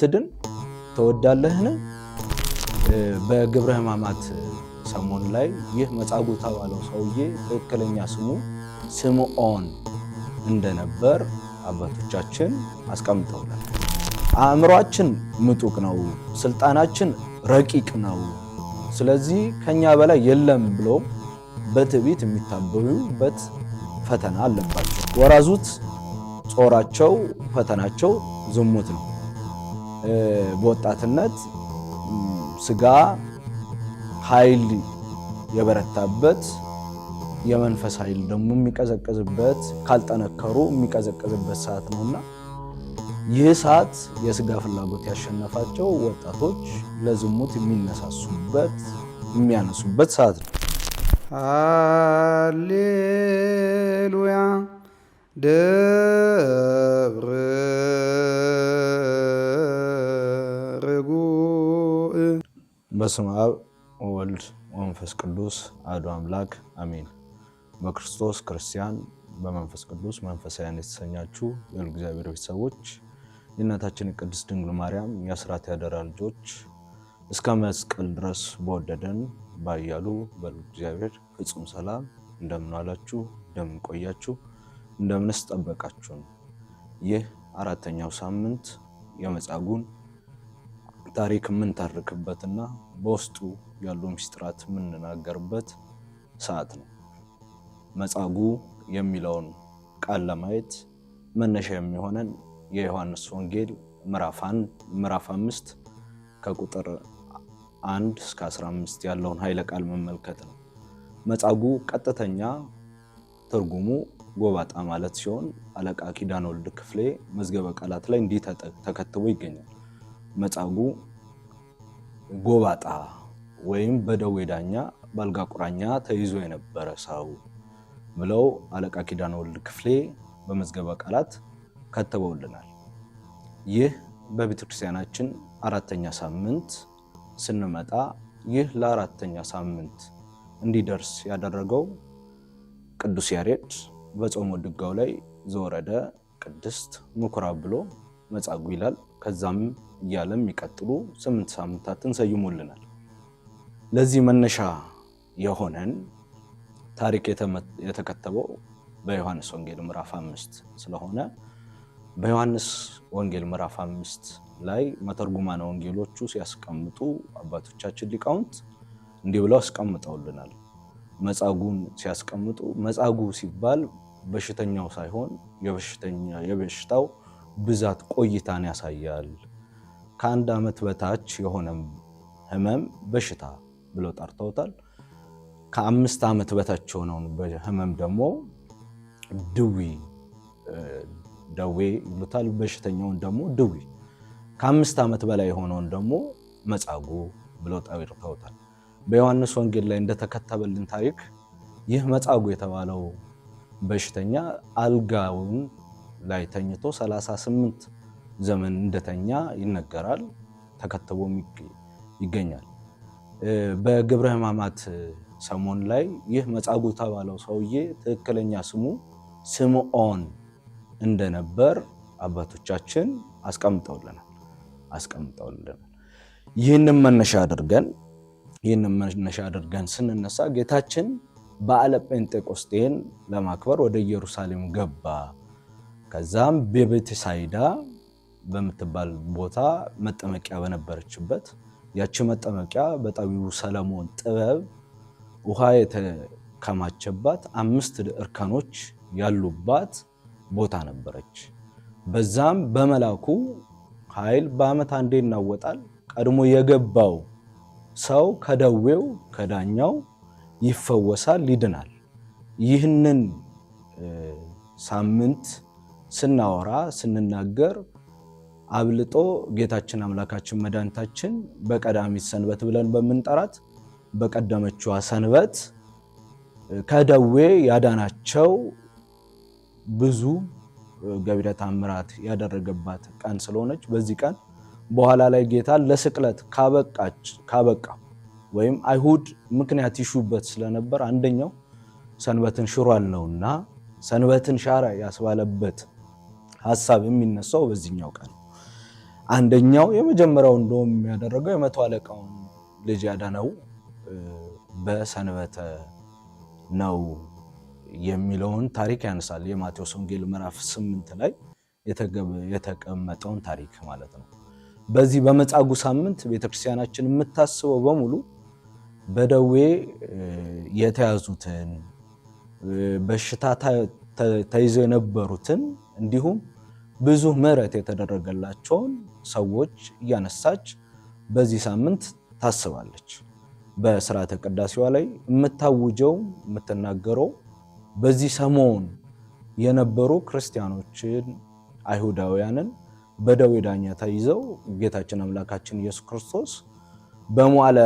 ልትድን ትወዳለህን? በግብረ ሕማማት ሰሞን ላይ ይህ መጻጉዕ የተባለው ሰውዬ ትክክለኛ ስሙ ስምዖን እንደነበር አባቶቻችን አስቀምጠውላል። አእምሯችን ምጡቅ ነው፣ ስልጣናችን ረቂቅ ነው። ስለዚህ ከኛ በላይ የለም ብሎ በትዕቢት የሚታበዩበት ፈተና አለባቸው። ወራዙት ጾራቸው ፈተናቸው ዝሙት ነው። በወጣትነት ስጋ ኃይል የበረታበት የመንፈስ ኃይል ደግሞ የሚቀዘቅዝበት ካልጠነከሩ የሚቀዘቅዝበት ሰዓት ነውና ይህ ሰዓት የስጋ ፍላጎት ያሸነፋቸው ወጣቶች ለዝሙት የሚነሳሱበት የሚያነሱበት ሰዓት ነው። ሃሌሉያ ደብረ በስም አብ ወወልድ ወመንፈስ ቅዱስ አሐዱ አምላክ አሜን። በክርስቶስ ክርስቲያን በመንፈስ ቅዱስ መንፈሳውያን የተሰኛችሁ የሁሉ እግዚአብሔር ቤተሰቦች የእናታችን የቅድስት ድንግል ማርያም የአስራት ያደራ ልጆች እስከ መስቀል ድረስ በወደደን ባያሉ በሉ እግዚአብሔር ፍጹም ሰላም እንደምን ዋላችሁ? እንደምን ቆያችሁ? እንደምንስ ጠበቃችሁን? ይህ አራተኛው ሳምንት የመጻጉን። ታሪክ የምንተርክበትና በውስጡ ያሉ ምስጢራት የምንናገርበት ሰዓት ነው። መጻጉዕ የሚለውን ቃል ለማየት መነሻ የሚሆነን የዮሐንስ ወንጌል ምዕራፍ 5 ከቁጥር 1 እስከ 15 ያለውን ኃይለ ቃል መመልከት ነው። መጻጉዕ ቀጥተኛ ትርጉሙ ጎባጣ ማለት ሲሆን አለቃ ኪዳነ ወልድ ክፍሌ መዝገበ ቃላት ላይ እንዲህ ተከትቦ ይገኛል። መጻጉዕ ጎባጣ ወይም በደዌ ዳኛ በአልጋ ቁራኛ ተይዞ የነበረ ሰው ብለው አለቃ ኪዳነ ወልድ ክፍሌ በመዝገበ ቃላት ከትበውልናል። ይህ በቤተክርስቲያናችን አራተኛ ሳምንት ስንመጣ ይህ ለአራተኛ ሳምንት እንዲደርስ ያደረገው ቅዱስ ያሬድ በጾመ ድጓው ላይ ዘወረደ ቅድስት ምኩራብ ብሎ መጻጉዕ ይላል። ከዛም እያለ የሚቀጥሉ ስምንት ሳምንታትን ሰይሞልናል። ለዚህ መነሻ የሆነን ታሪክ የተከተበው በዮሐንስ ወንጌል ምዕራፍ አምስት ስለሆነ በዮሐንስ ወንጌል ምዕራፍ አምስት ላይ መተርጉማነ ወንጌሎቹ ሲያስቀምጡ አባቶቻችን ሊቃውንት እንዲህ ብለው አስቀምጠውልናል። መጻጉን ሲያስቀምጡ መጻጉ ሲባል በሽተኛው ሳይሆን የበሽታው ብዛት ቆይታን ያሳያል። ከአንድ ዓመት በታች የሆነ ህመም በሽታ ብለው ጠርተውታል። ከአምስት ዓመት በታች የሆነውን ህመም ደግሞ ድዊ ደዌ ይሉታል። በሽተኛውን ደግሞ ድዊ፣ ከአምስት ዓመት በላይ የሆነውን ደግሞ መጻጉ ብለው ጠርተውታል። በዮሐንስ ወንጌል ላይ እንደተከተበልን ታሪክ ይህ መጻጉ የተባለው በሽተኛ አልጋውን ላይ ተኝቶ 38 ዘመን እንደተኛ ይነገራል። ተከትቦም ይገኛል። በግብረ ሕማማት ሰሞን ላይ ይህ መጻጉዕ ተባለው ሰውዬ ትክክለኛ ስሙ ስምዖን እንደነበር አባቶቻችን አስቀምጠውልናል አስቀምጠውልናል። ይህንን መነሻ አድርገን ይህንም መነሻ አድርገን ስንነሳ ጌታችን በዓለ ጴንጤቆስጤን ለማክበር ወደ ኢየሩሳሌም ገባ ከዛም በቤተሳይዳ በምትባል ቦታ መጠመቂያ በነበረችበት ያቺ መጠመቂያ በጠቢቡ ሰለሞን ጥበብ ውሃ የተከማቸባት አምስት እርከኖች ያሉባት ቦታ ነበረች። በዛም በመላኩ ኃይል በዓመት አንዴ ይናወጣል። ቀድሞ የገባው ሰው ከደዌው ከዳኛው ይፈወሳል፣ ይድናል። ይህንን ሳምንት ስናወራ ስንናገር አብልጦ ጌታችን አምላካችን መድኃኒታችን በቀዳሚት ሰንበት ብለን በምንጠራት በቀደመችዋ ሰንበት ከደዌ ያዳናቸው ብዙ ገቢረ ተአምራት ያደረገባት ቀን ስለሆነች በዚህ ቀን በኋላ ላይ ጌታ ለስቅለት ካበቃ ወይም አይሁድ ምክንያት ይሹበት ስለነበር አንደኛው ሰንበትን ሽሯል ነውና ሰንበትን ሻረ ያስባለበት ሀሳብ የሚነሳው በዚህኛው ቀን አንደኛው የመጀመሪያው እንደውም የሚያደረገው የመቶ አለቃውን ልጅ ያዳነው በሰንበተ ነው የሚለውን ታሪክ ያነሳል። የማቴዎስ ወንጌል ምዕራፍ ስምንት ላይ የተቀመጠውን ታሪክ ማለት ነው። በዚህ በመጻጉ ሳምንት ቤተክርስቲያናችን የምታስበው በሙሉ በደዌ የተያዙትን በሽታ ተይዘው የነበሩትን እንዲሁም ብዙ ምሕረት የተደረገላቸውን ሰዎች እያነሳች በዚህ ሳምንት ታስባለች። በስርዓተ ቅዳሴዋ ላይ የምታውጀው የምትናገረው በዚህ ሰሞን የነበሩ ክርስቲያኖችን አይሁዳውያንን በደዌ ዳኛ ተይዘው ጌታችን አምላካችን ኢየሱስ ክርስቶስ በሟለ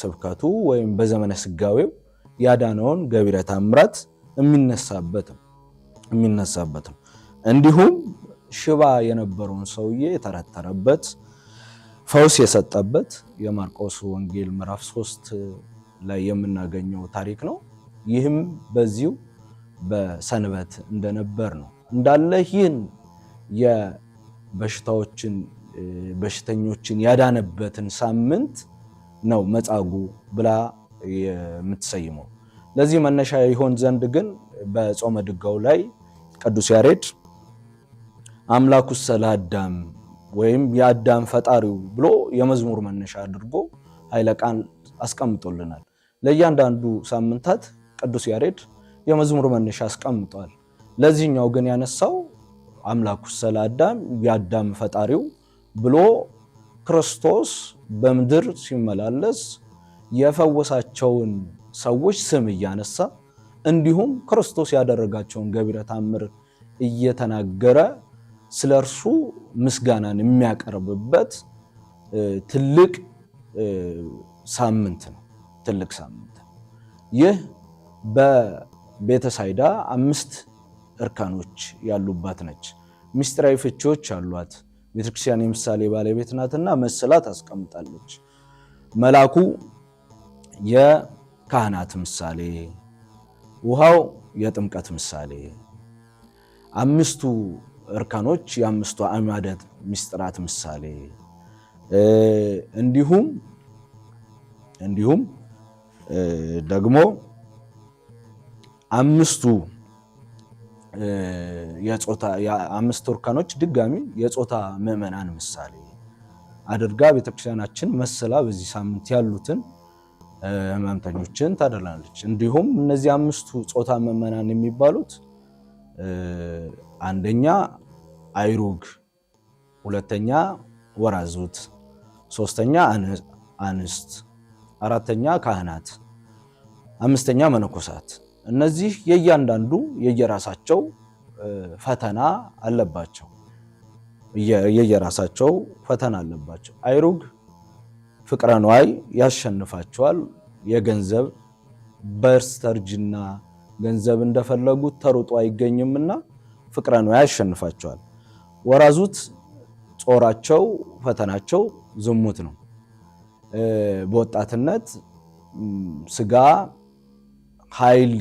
ስብከቱ ወይም በዘመነ ስጋዌው ያዳነውን ገቢረ የሚነሳበት ነው። የሚነሳበት ነው። እንዲሁም ሽባ የነበረውን ሰውዬ የተረተረበት ፈውስ የሰጠበት የማርቆስ ወንጌል ምዕራፍ ሶስት ላይ የምናገኘው ታሪክ ነው። ይህም በዚሁ በሰንበት እንደነበር ነው እንዳለ ይህን የበሽታዎችን በሽተኞችን ያዳነበትን ሳምንት ነው መጻጉዕ ብላ የምትሰይመው። ለዚህ መነሻ ይሆን ዘንድ ግን በጾመ ድጋው ላይ ቅዱስ ያሬድ አምላኩ ሰላዳም ወይም የአዳም ፈጣሪው ብሎ የመዝሙር መነሻ አድርጎ ኃይለ ቃል አስቀምጦልናል። ለእያንዳንዱ ሳምንታት ቅዱስ ያሬድ የመዝሙር መነሻ አስቀምጧል። ለዚህኛው ግን ያነሳው አምላኩ ሰላዳም የአዳም ፈጣሪው ብሎ ክርስቶስ በምድር ሲመላለስ የፈወሳቸውን ሰዎች ስም እያነሳ እንዲሁም ክርስቶስ ያደረጋቸውን ገቢረ ታምር እየተናገረ ስለ እርሱ ምስጋናን የሚያቀርብበት ትልቅ ሳምንት ነው። ትልቅ ሳምንት ይህ በቤተሳይዳ አምስት እርካኖች ያሉባት ነች። ምስጢራዊ ፍቺዎች አሏት። ቤተክርስቲያን የምሳሌ ባለቤት ናትና መስላት ታስቀምጣለች። መላኩ የካህናት ምሳሌ ውሃው የጥምቀት ምሳሌ፣ አምስቱ እርከኖች የአምስቱ አዕማደ ምስጢራት ምሳሌ እንዲሁም እንዲሁም ደግሞ አምስቱ የጾታ አምስቱ እርከኖች ድጋሚ የጾታ ምዕመናን ምሳሌ አድርጋ ቤተክርስቲያናችን መሰላ በዚህ ሳምንት ያሉትን ህመምተኞችን ታደላለች። እንዲሁም እነዚህ አምስቱ ጾታ ምእመናን የሚባሉት አንደኛ አይሩግ፣ ሁለተኛ ወራዙት፣ ሶስተኛ አንስት፣ አራተኛ ካህናት፣ አምስተኛ መነኮሳት። እነዚህ የእያንዳንዱ የየራሳቸው ፈተና አለባቸው የየራሳቸው ፈተና አለባቸው። አይሩግ ፍቅረ ንዋይ ያሸንፋቸዋል። የገንዘብ በስተርጅና ገንዘብ እንደፈለጉት ተሩጦ አይገኝምና ፍቅረ ንዋይ ያሸንፋቸዋል። ወራዙት ጾራቸው ፈተናቸው ዝሙት ነው። በወጣትነት ስጋ ኃይል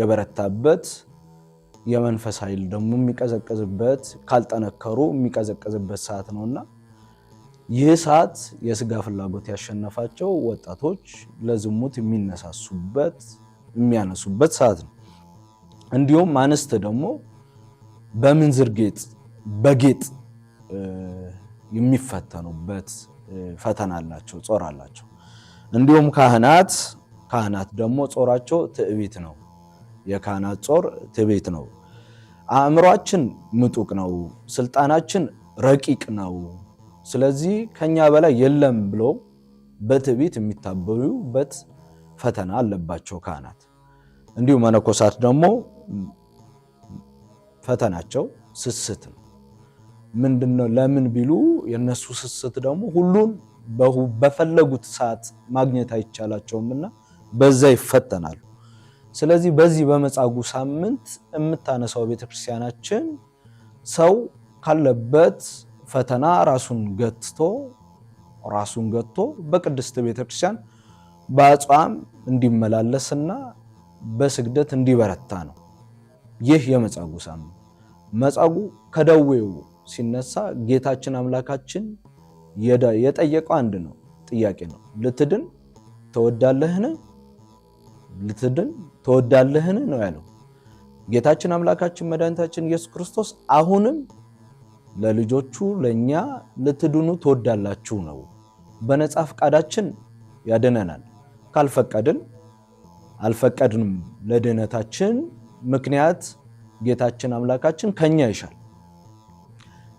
የበረታበት የመንፈስ ኃይል ደግሞ የሚቀዘቅዝበት ካልጠነከሩ የሚቀዘቅዝበት ሰዓት ነውና ይህ ሰዓት የስጋ ፍላጎት ያሸነፋቸው ወጣቶች ለዝሙት የሚነሳሱበት የሚያነሱበት ሰዓት ነው። እንዲሁም አንስት ደግሞ በምንዝር ጌጥ በጌጥ የሚፈተኑበት ፈተና አላቸው፣ ጾር አላቸው። እንዲሁም ካህናት ካህናት ደግሞ ጾራቸው ትዕቢት ነው። የካህናት ጾር ትዕቢት ነው። አእምሯችን ምጡቅ ነው። ስልጣናችን ረቂቅ ነው። ስለዚህ ከኛ በላይ የለም ብሎ በትዕቢት የሚታበዩበት ፈተና አለባቸው ካህናት። እንዲሁ መነኮሳት ደግሞ ፈተናቸው ስስት ነው። ምንድነው? ለምን ቢሉ የነሱ ስስት ደግሞ ሁሉን በፈለጉት ሰዓት ማግኘት አይቻላቸውምና በዛ ይፈተናሉ። ስለዚህ በዚህ በመጻጉዕ ሳምንት የምታነሳው ቤተክርስቲያናችን ሰው ካለበት ፈተና ራሱን ገትቶ ራሱን ገትቶ በቅድስት ቤተክርስቲያን በአጽዋም እንዲመላለስና በስግደት እንዲበረታ ነው። ይህ የመጻጉ ሳምንት መጻጉ ከደዌው ሲነሳ ጌታችን አምላካችን የጠየቀው አንድ ነው ጥያቄ ነው። ልትድን ተወዳለህን? ልትድን ተወዳለህን ነው ያለው ጌታችን አምላካችን መድኃኒታችን ኢየሱስ ክርስቶስ አሁንም ለልጆቹ ለእኛ ልትድኑ ትወዳላችሁ ነው። በነፃ ፈቃዳችን ያድነናል። ካልፈቀድን አልፈቀድንም ለድህነታችን ምክንያት ጌታችን አምላካችን ከኛ ይሻል።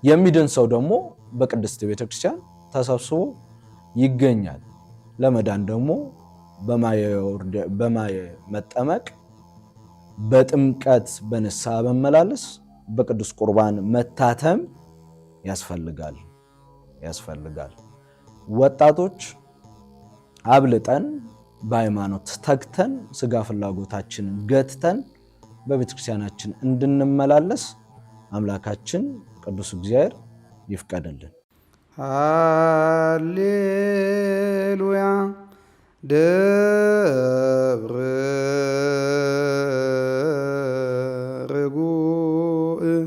የሚድን ሰው ደግሞ በቅድስት ቤተክርስቲያን ተሰብስቦ ይገኛል። ለመዳን ደግሞ በማየ መጠመቅ፣ በጥምቀት በንስሐ መመላለስ፣ በቅዱስ ቁርባን መታተም ያስፈልጋል ያስፈልጋል። ወጣቶች አብልጠን በሃይማኖት ተግተን ስጋ ፍላጎታችንን ገትተን በቤተክርስቲያናችን እንድንመላለስ አምላካችን ቅዱስ እግዚአብሔር ይፍቀድልን። ሃሌሉያ ደብረ